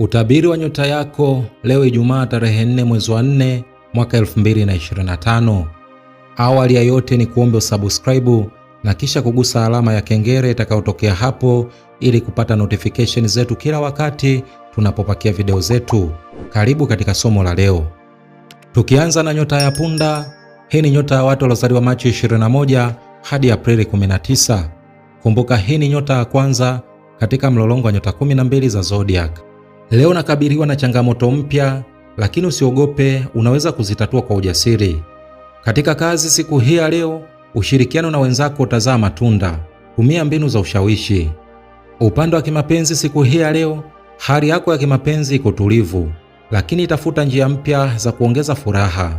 Utabiri wa nyota yako leo Ijumaa tarehe 4 mwezi wa 4 mwaka 2025. Awali ya yote ni kuombe usubscribe na kisha kugusa alama ya kengele itakayotokea hapo ili kupata notification zetu kila wakati tunapopakia video zetu. Karibu katika somo la leo. Tukianza na nyota ya punda, hii ni nyota ya watu waliozaliwa Machi 21 hadi Aprili 19. Kumbuka hii ni nyota ya kwanza katika mlolongo wa nyota 12 za zodiac. Leo nakabiliwa na changamoto mpya, lakini usiogope, unaweza kuzitatua kwa ujasiri. Katika kazi siku hii ya leo, ushirikiano na wenzako utazaa matunda. Tumia mbinu za ushawishi. Upande wa kimapenzi siku hii ya leo, hali yako ya kimapenzi iko tulivu, lakini tafuta njia mpya za kuongeza furaha.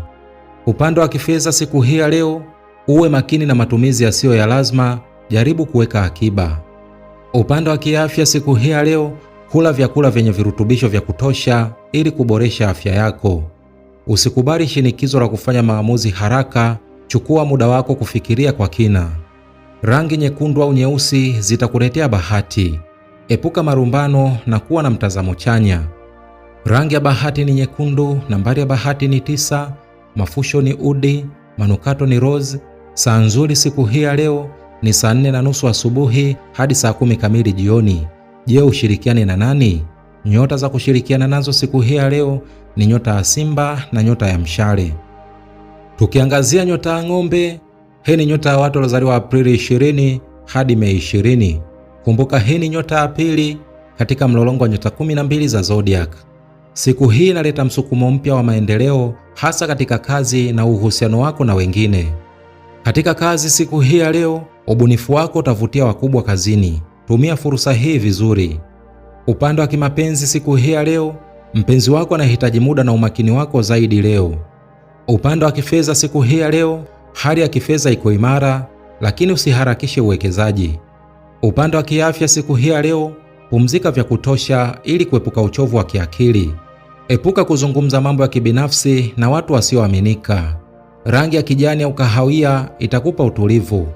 Upande wa kifedha siku hii ya leo, uwe makini na matumizi yasiyo ya lazima, jaribu kuweka akiba. Upande wa kiafya siku hii ya leo, Kula vyakula vyenye virutubisho vya kutosha ili kuboresha afya yako. Usikubali shinikizo la kufanya maamuzi haraka, chukua muda wako kufikiria kwa kina. Rangi nyekundu au nyeusi zitakuletea bahati. Epuka marumbano na kuwa na mtazamo chanya. Rangi ya bahati ni nyekundu, nambari ya bahati ni tisa, mafusho ni udi, manukato ni rose. Saa nzuri siku hii ya leo ni saa nne na nusu asubuhi hadi saa kumi kamili jioni. Je, ushirikiane na nani? Nyota za kushirikiana nazo siku hii ya leo ni nyota ya Simba na nyota ya Mshale. Tukiangazia nyota ya Ng'ombe, hii ni nyota ya watu waliozaliwa Aprili 20 hadi Mei 20. Kumbuka, hii ni nyota ya pili katika mlolongo wa nyota 12 za zodiac. Siku hii inaleta msukumo mpya wa maendeleo, hasa katika kazi na uhusiano wako na wengine. Katika kazi siku hii ya leo, ubunifu wako utavutia wakubwa kazini tumia fursa hii vizuri. Upande wa kimapenzi siku hii ya leo, mpenzi wako anahitaji muda na umakini wako zaidi leo. Upande wa kifedha siku hii ya leo, hali ya kifedha iko imara, lakini usiharakishe uwekezaji. Upande wa kiafya siku hii ya leo, pumzika vya kutosha ili kuepuka uchovu wa kiakili. Epuka kuzungumza mambo ya kibinafsi na watu wasioaminika. Rangi ya kijani au kahawia itakupa utulivu.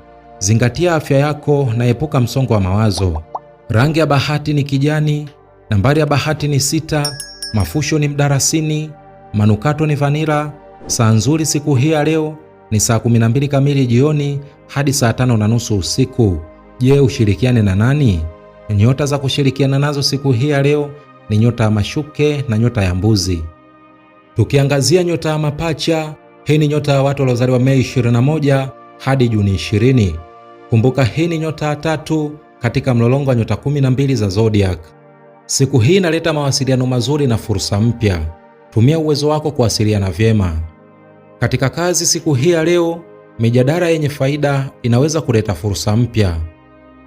Zingatia afya yako na epuka msongo wa mawazo. Rangi ya bahati ni kijani, nambari ya bahati ni sita, mafusho ni mdarasini, manukato ni vanila. Saa nzuri siku hii ya leo ni saa 12 kamili jioni hadi saa tano na nusu usiku. Je, ushirikiane na nani? Nyota za kushirikiana nazo siku hii ya leo ni nyota ya mashuke na nyota ya mbuzi. Tukiangazia nyota ya mapacha, hii ni nyota ya watu waliozaliwa Mei 21 hadi Juni 20. Kumbuka hii ni nyota ya tatu katika mlolongo wa nyota 12 za zodiac. Siku hii inaleta mawasiliano mazuri na fursa mpya. Tumia uwezo wako kuwasiliana vyema. Katika kazi siku hii ya leo, mijadala yenye faida inaweza kuleta fursa mpya.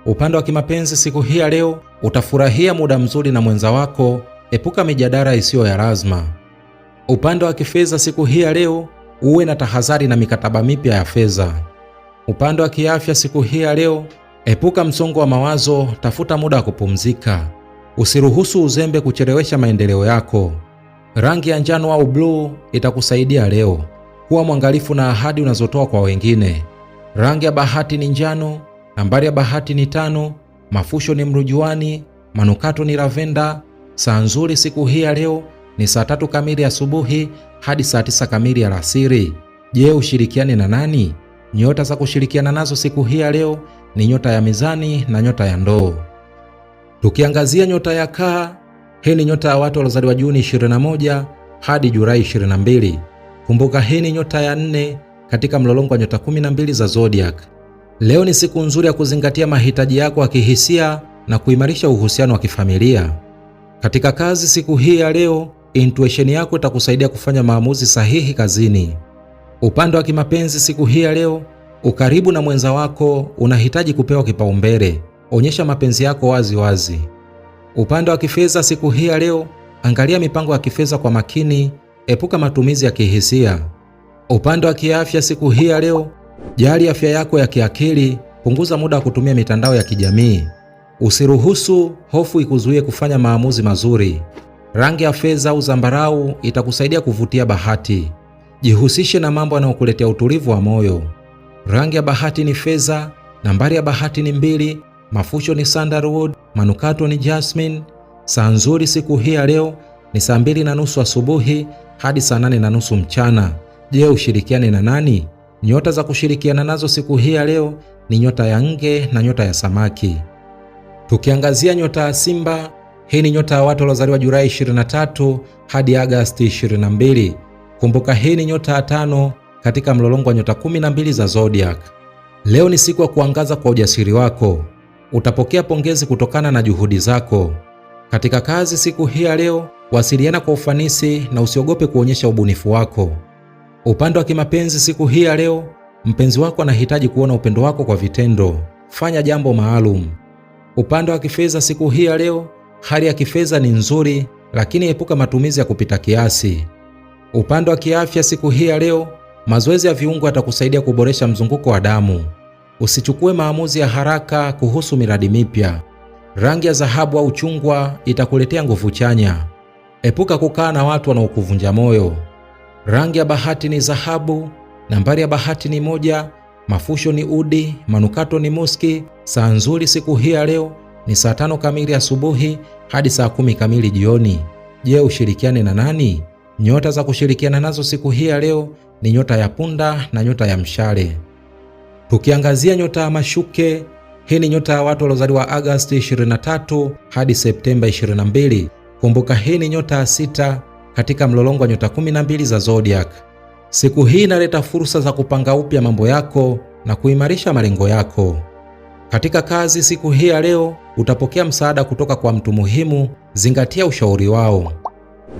Upande wa kimapenzi siku hii ya leo, utafurahia muda mzuri na mwenza wako. Epuka mijadala isiyo ya lazima. Upande wa kifedha siku hii ya leo, uwe na tahadhari na mikataba mipya ya fedha. Upande wa kiafya siku hii ya leo, epuka msongo wa mawazo, tafuta muda wa kupumzika. Usiruhusu uzembe kuchelewesha maendeleo yako. Rangi ya njano au bluu itakusaidia leo. Kuwa mwangalifu na ahadi unazotoa kwa wengine. Rangi ya bahati ni njano. Nambari ya bahati ni tano. Mafusho ni mrujuani. Manukato ni lavenda. Saa nzuri siku hii ya leo ni saa tatu kamili asubuhi hadi saa tisa kamili alasiri. Je, ushirikiane na nani? Nyota za kushirikiana nazo siku hii ya leo ni nyota ya mizani na nyota ya ndoo. Tukiangazia nyota ya kaa, hii ni nyota ya watu waliozaliwa Juni 21 hadi Julai 22. Kumbuka hii ni nyota ya nne katika mlolongo wa nyota 12 za zodiac. Leo ni siku nzuri ya kuzingatia mahitaji yako ya kihisia na kuimarisha uhusiano wa kifamilia. Katika kazi siku hii ya leo, intuition yako itakusaidia kufanya maamuzi sahihi kazini. Upande wa kimapenzi siku hii ya leo, ukaribu na mwenza wako unahitaji kupewa kipaumbele. Onyesha mapenzi yako wazi wazi. Upande wa kifedha siku hii ya leo, angalia mipango ya kifedha kwa makini, epuka matumizi ya kihisia. Upande wa kiafya siku hii ya leo, jali afya yako ya kiakili, punguza muda wa kutumia mitandao ya kijamii. Usiruhusu hofu ikuzuie kufanya maamuzi mazuri. Rangi ya fedha au zambarau itakusaidia kuvutia bahati. Jihusishe na mambo yanayokuletea utulivu wa moyo. Rangi ya bahati ni fedha, nambari ya bahati ni mbili, mafusho ni sandalwood, manukato ni jasmine. Saa nzuri siku hii ya leo ni saa mbili na nusu asubuhi hadi saa nane na nusu mchana. Je, ushirikiane na nani? Nyota za kushirikiana nazo siku hii ya leo ni nyota ya nge na nyota ya samaki. Tukiangazia nyota ya Simba, hii ni nyota ya watu waliozaliwa Julai 23 hadi Agasti 22. Kumbuka hii ni nyota ya tano katika mlolongo wa nyota 12 za zodiac. Leo ni siku ya kuangaza kwa ujasiri wako. Utapokea pongezi kutokana na juhudi zako katika kazi. Siku hii ya leo, wasiliana kwa ufanisi na usiogope kuonyesha ubunifu wako. Upande wa kimapenzi, siku hii ya leo, mpenzi wako anahitaji kuona upendo wako kwa vitendo. Fanya jambo maalum. Upande wa kifedha, siku hii ya leo, hali ya kifedha ni nzuri, lakini epuka matumizi ya kupita kiasi. Upande wa kiafya siku hii ya leo, mazoezi ya viungo yatakusaidia kuboresha mzunguko wa damu. Usichukue maamuzi ya haraka kuhusu miradi mipya. Rangi ya dhahabu au chungwa itakuletea nguvu chanya. Epuka kukaa na watu wanaokuvunja moyo. Rangi ya bahati ni dhahabu. Nambari ya bahati ni moja. Mafusho ni udi. Manukato ni muski. Saa nzuri siku hii ya leo ni saa tano kamili asubuhi hadi saa kumi kamili jioni. Je, ushirikiane na nani? Nyota za kushirikiana nazo siku hii ya leo ni nyota ya punda na nyota ya mshale. Tukiangazia nyota ya mashuke, hii ni nyota ya watu waliozaliwa Agosti 23 hadi Septemba 22. Kumbuka hii ni nyota ya sita katika mlolongo wa nyota 12 za zodiac. Siku hii inaleta fursa za kupanga upya mambo yako na kuimarisha malengo yako. Katika kazi siku hii ya leo, utapokea msaada kutoka kwa mtu muhimu, zingatia ushauri wao.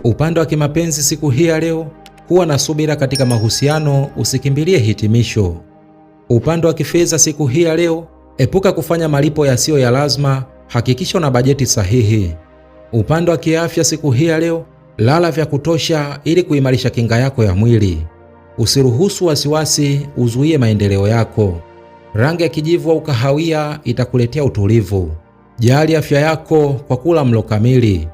Upande wa kimapenzi siku hii ya leo, kuwa na subira katika mahusiano, usikimbilie hitimisho. Upande wa kifedha siku hii ya leo, epuka kufanya malipo yasiyo ya lazima, hakikisha una bajeti sahihi. Upande wa kiafya siku hii ya leo, lala vya kutosha ili kuimarisha kinga yako ya mwili. Usiruhusu wasiwasi uzuie maendeleo yako. Rangi ya kijivu au kahawia itakuletea utulivu. Jali afya yako kwa kula mlo kamili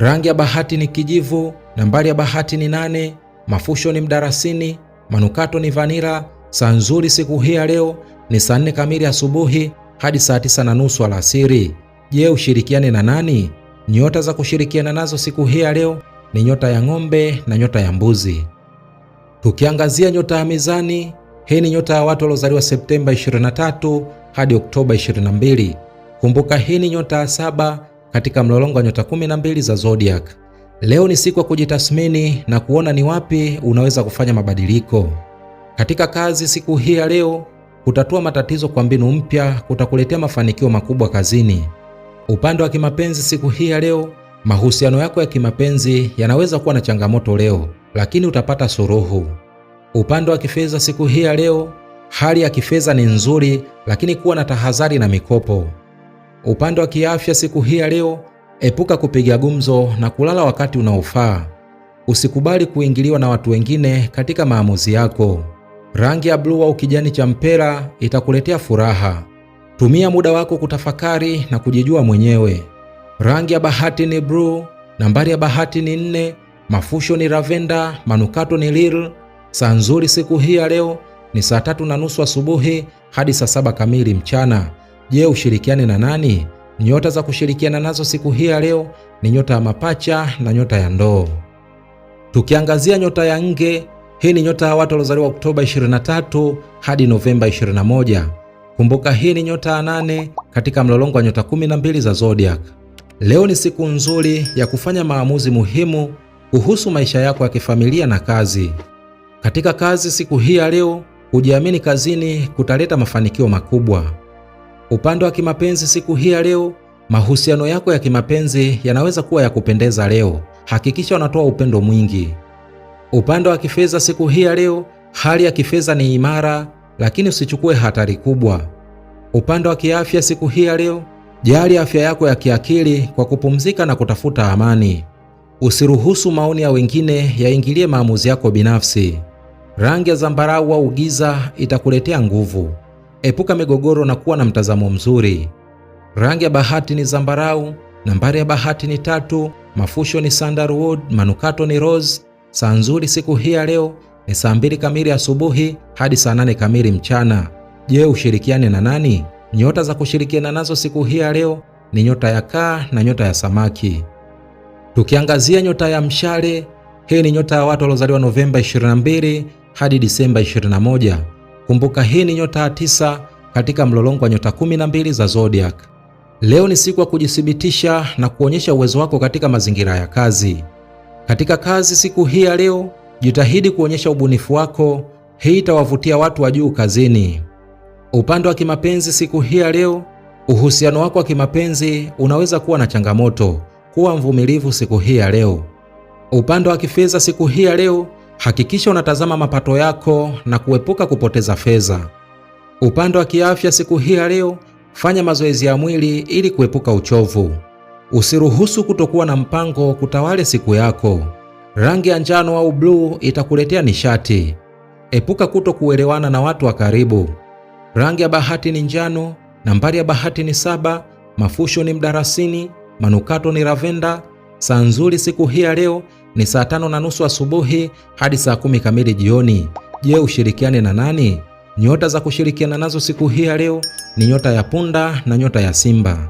rangi ya bahati ni kijivu, nambari ya bahati ni nane, mafusho ni mdarasini, manukato ni vanira Saa nzuri siku hii ya leo ni saa nne kamili asubuhi hadi saa tisa na nusu alasiri. Je, ushirikiane na nani? Nyota za kushirikiana nazo siku hii ya leo ni nyota ya ng'ombe na nyota ya mbuzi. Tukiangazia nyota ya mizani, hii ni nyota ya watu waliozaliwa Septemba 23 hadi Oktoba 22. Kumbuka hii ni nyota ya saba katika mlolongo wa nyota 12 za zodiac. Leo ni siku ya kujitathmini na kuona ni wapi unaweza kufanya mabadiliko katika kazi. Siku hii ya leo, kutatua matatizo kwa mbinu mpya kutakuletea mafanikio makubwa kazini. Upande wa kimapenzi, siku hii ya leo, mahusiano yako ya kimapenzi yanaweza kuwa na changamoto leo, lakini utapata suluhu. Upande wa kifedha, siku hii ya leo, hali ya kifedha ni nzuri, lakini kuwa na tahadhari na mikopo. Upande wa kiafya siku hii ya leo, epuka kupiga gumzo na kulala wakati unaofaa. Usikubali kuingiliwa na watu wengine katika maamuzi yako. Rangi ya bluu au kijani cha mpera itakuletea furaha. Tumia muda wako kutafakari na kujijua mwenyewe. Rangi ya bahati ni bluu, nambari ya bahati ni nne, mafusho ni ravenda manukato ni lil. Saa nzuri siku hii ya leo ni saa tatu na nusu asubuhi hadi saa saba kamili mchana. Je, ushirikiane na nani? Nyota za kushirikiana nazo siku hii ya leo ni nyota ya mapacha na nyota ya ndoo. Tukiangazia nyota ya nge, hii ni nyota ya watu waliozaliwa Oktoba 23 hadi Novemba 21. Kumbuka hii ni nyota ya nane katika mlolongo wa nyota 12 za zodiac. Leo ni siku nzuri ya kufanya maamuzi muhimu kuhusu maisha yako ya kifamilia na kazi. Katika kazi siku hii ya leo, kujiamini kazini kutaleta mafanikio makubwa. Upande wa kimapenzi siku hii ya leo, mahusiano yako ya kimapenzi yanaweza kuwa ya kupendeza leo. Hakikisha unatoa upendo mwingi. Upande wa kifedha siku hii ya leo, hali ya kifedha ni imara, lakini usichukue hatari kubwa. Upande wa kiafya siku hii ya leo, jali afya yako ya kiakili kwa kupumzika na kutafuta amani. Usiruhusu maoni ya wengine yaingilie maamuzi yako binafsi. Rangi ya zambarau au giza itakuletea nguvu. Epuka migogoro na kuwa na mtazamo mzuri. Rangi ya bahati ni zambarau, nambari ya bahati ni tatu, mafusho ni sandalwood, manukato ni rose. Saa nzuri siku hii ya leo ni saa mbili kamili asubuhi hadi saa nane kamili mchana. Je, ushirikiane na nani? Nyota za kushirikiana nazo siku hii ya leo ni nyota ya kaa na nyota ya samaki. Tukiangazia nyota ya mshale, hii ni nyota ya watu waliozaliwa Novemba 22 hadi Disemba 21. Kumbuka hii ni nyota ya tisa katika mlolongo wa nyota kumi na mbili za zodiac. Leo ni siku ya kujithibitisha na kuonyesha uwezo wako katika mazingira ya kazi. Katika kazi siku hii ya leo, jitahidi kuonyesha ubunifu wako, hii itawavutia watu wa juu kazini. Upande wa kimapenzi siku hii ya leo, uhusiano wako wa kimapenzi unaweza kuwa na changamoto, kuwa mvumilivu siku hii ya leo. Upande wa kifedha siku hii ya leo, Hakikisha unatazama mapato yako na kuepuka kupoteza fedha. Upande wa kiafya, siku hii ya leo, fanya mazoezi ya mwili ili kuepuka uchovu. Usiruhusu kutokuwa na mpango kutawale siku yako. Rangi ya njano au bluu itakuletea nishati. Epuka kuto kuelewana na watu wa karibu. Rangi ya bahati ni njano, nambari ya bahati ni saba, mafusho ni mdarasini, manukato ni ravenda Saa nzuri siku hii ya leo ni saa tano na nusu asubuhi hadi saa kumi kamili jioni. Je, ushirikiane na nani? Nyota za kushirikiana nazo siku hii ya leo ni nyota ya punda na nyota ya simba.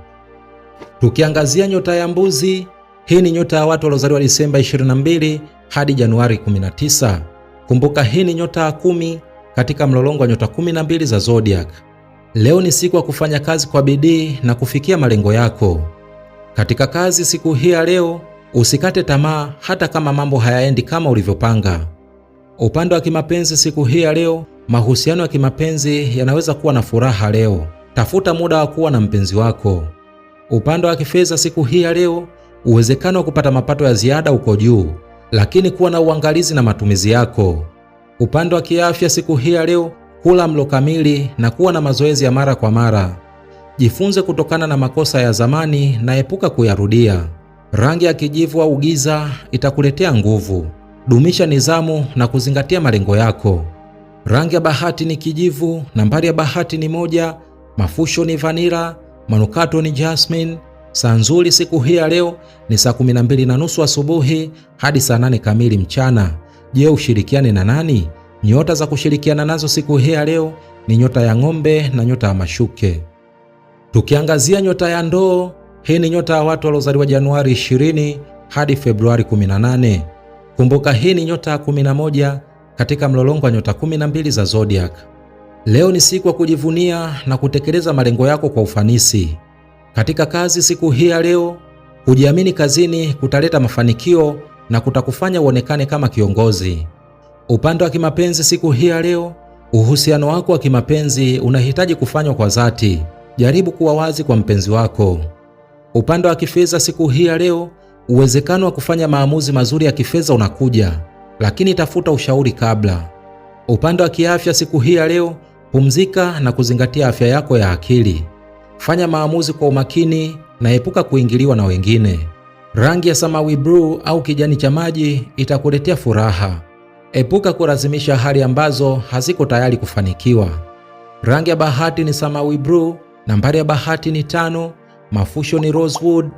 Tukiangazia nyota ya mbuzi, hii ni nyota ya watu waliozaliwa Disemba 22 hadi Januari 19. Kumbuka hii ni nyota ya kumi katika mlolongo wa nyota 12 za zodiac. Leo ni siku ya kufanya kazi kwa bidii na kufikia malengo yako. Katika kazi siku hii ya leo Usikate tamaa hata kama mambo hayaendi kama ulivyopanga. Upande wa kimapenzi siku hii ya leo, mahusiano ya kimapenzi yanaweza kuwa na furaha leo. Tafuta muda wa kuwa na mpenzi wako. Upande wa kifedha siku hii ya leo, uwezekano wa kupata mapato ya ziada uko juu, lakini kuwa na uangalizi na matumizi yako. Upande wa kiafya siku hii ya leo, kula mlo kamili na kuwa na mazoezi ya mara kwa mara. Jifunze kutokana na makosa ya zamani na epuka kuyarudia. Rangi ya kijivu au giza itakuletea nguvu. Dumisha nidhamu na kuzingatia malengo yako. Rangi ya bahati ni kijivu, nambari ya bahati ni moja, mafusho ni vanira, manukato ni jasmine. Saa nzuri siku hii ya leo ni saa 12 na nusu asubuhi hadi saa 8 kamili mchana. Je, ushirikiane na nani? Nyota za kushirikiana nazo siku hii ya leo ni nyota ya ng'ombe na nyota ya mashuke. Tukiangazia nyota ya ndoo, hii ni nyota ya watu waliozaliwa Januari 20 hadi Februari 18. Kumbuka hii ni nyota ya 11 katika mlolongo wa nyota 12 za zodiac. Leo ni siku ya kujivunia na kutekeleza malengo yako kwa ufanisi. Katika kazi siku hii ya leo, kujiamini kazini kutaleta mafanikio na kutakufanya uonekane kama kiongozi. Upande wa kimapenzi siku hii ya leo, uhusiano wako wa kimapenzi unahitaji kufanywa kwa dhati. Jaribu kuwa wazi kwa mpenzi wako. Upande wa kifedha siku hii ya leo, uwezekano wa kufanya maamuzi mazuri ya kifedha unakuja, lakini tafuta ushauri kabla. Upande wa kiafya siku hii ya leo, pumzika na kuzingatia afya yako ya akili. Fanya maamuzi kwa umakini na epuka kuingiliwa na wengine. Rangi ya samawi bluu au kijani cha maji itakuletea furaha. Epuka kulazimisha hali ambazo haziko tayari kufanikiwa. Rangi ya bahati ni samawi bluu. Nambari ya bahati ni tano mafusho ni rosewood,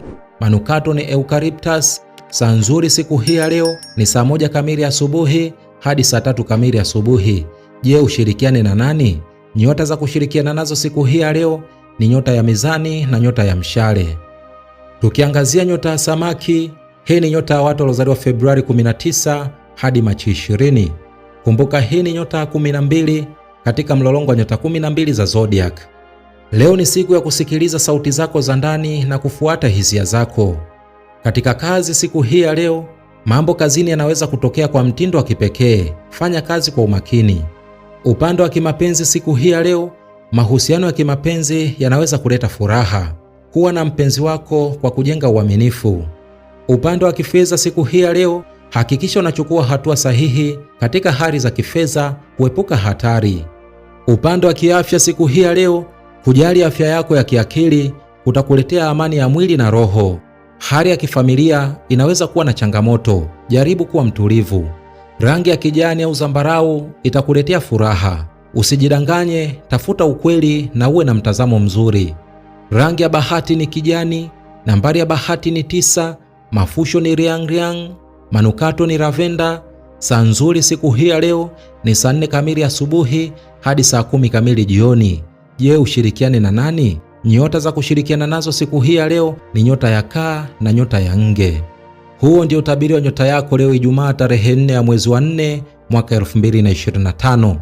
manukato ni eucalyptus. Saa nzuri siku hii ya leo ni saa moja kamili asubuhi hadi saa tatu kamili asubuhi. Je, ushirikiane na nani? Nyota za kushirikiana nazo siku hii ya leo ni nyota ya mizani na nyota ya mshale. Tukiangazia nyota ya samaki, hii ni nyota ya watu waliozaliwa Februari 19 hadi Machi 20. Kumbuka hii ni nyota ya 12 katika mlolongo wa nyota 12 za zodiac. Leo ni siku ya kusikiliza sauti zako za ndani na kufuata hisia zako. Katika kazi siku hii ya leo, mambo kazini yanaweza kutokea kwa mtindo wa kipekee. Fanya kazi kwa umakini. Upande wa kimapenzi siku hii ya leo, mahusiano ya kimapenzi yanaweza kuleta furaha. Kuwa na mpenzi wako kwa kujenga uaminifu. Upande wa kifedha siku hii ya leo, hakikisha unachukua hatua sahihi katika hali za kifedha kuepuka hatari. Upande wa kiafya siku hii ya leo, Kujali afya yako ya kiakili kutakuletea amani ya mwili na roho. Hali ya kifamilia inaweza kuwa na changamoto, jaribu kuwa mtulivu. Rangi ya kijani au zambarau itakuletea furaha, usijidanganye, tafuta ukweli na uwe na mtazamo mzuri. Rangi ya bahati ni kijani, nambari ya bahati ni tisa, mafusho ni riangriang, manukato ni ravenda. Saa nzuri siku hii ya leo ni saa nne kamili asubuhi hadi saa kumi kamili jioni. Je, ushirikiane na nani? Nyota za kushirikiana nazo siku hii ya leo ni nyota ya kaa na nyota ya nge. Huo ndio utabiri wa nyota yako leo Ijumaa tarehe 4 ya mwezi wa 4 mwaka 2025.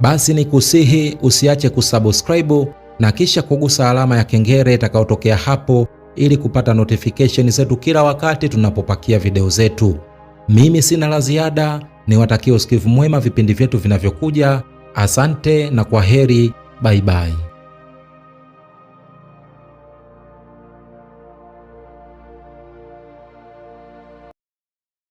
Basi ni kusihi usiache kusubscribe na kisha kugusa alama ya kengele itakayotokea hapo ili kupata notification zetu kila wakati tunapopakia video zetu. Mimi sina la ziada, niwatakie usikivu mwema vipindi vyetu vinavyokuja. Asante na kwa heri. Bye bye.